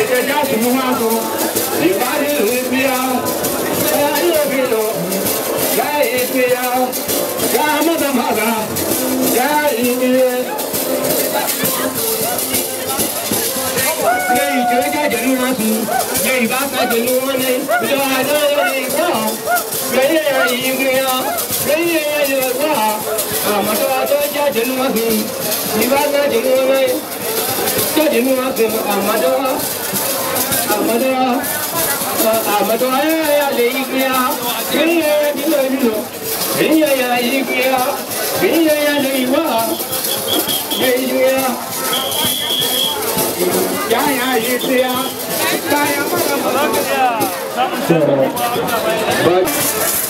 ìjẹjá tó mú wá tó ìbádìlú ìpíyà láyé òbí lọ láyé ìpíyà láyé mọ́tàmọ́tà láyé ìpíyà. Ilé ìjọba jáde ló máa tún, ilé ìbá jáde ló wọ́n ní, ilé ọ̀dọ́ ilé ìgbọ́, ilé ẹ̀yìn ìgbìyàn, ilé ẹ̀yìn ìgbà, àmọ́ tó wá tó jáde ló máa tún, ìbá jáde ló wọ́n ní dinu afim amadawa amadawa amadawa ya le ikiya kenya ya dinu dinu kenya ya le iwa le ikiya ya ya ikiya ya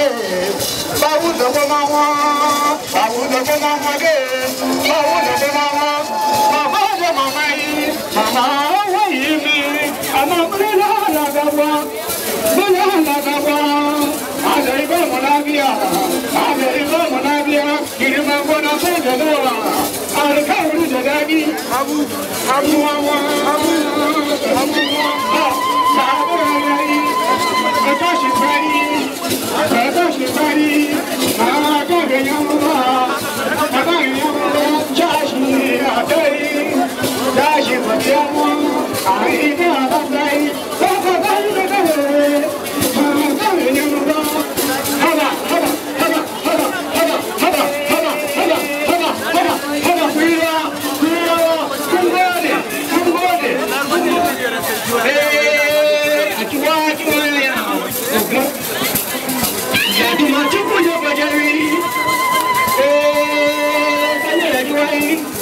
ọmọdé báwùjọ kó máa wọ́n báwùjọ kó máa ọmọdé báwùjọ kó máa wọ́n màmá ọjọ́ màmá yìí màmá ọwọ́ yìí mi àmọ́ bóyá àlàgà wá bóyá àlàgà wá àjọ ìgbà mọ̀lábíà àjọ ìgbà mọ̀lábíà ìrìnà gbọ́dọ̀ fún ìjọba wa àlùkà òrùjọ dábí abu abu wa wa abu wa wa. You.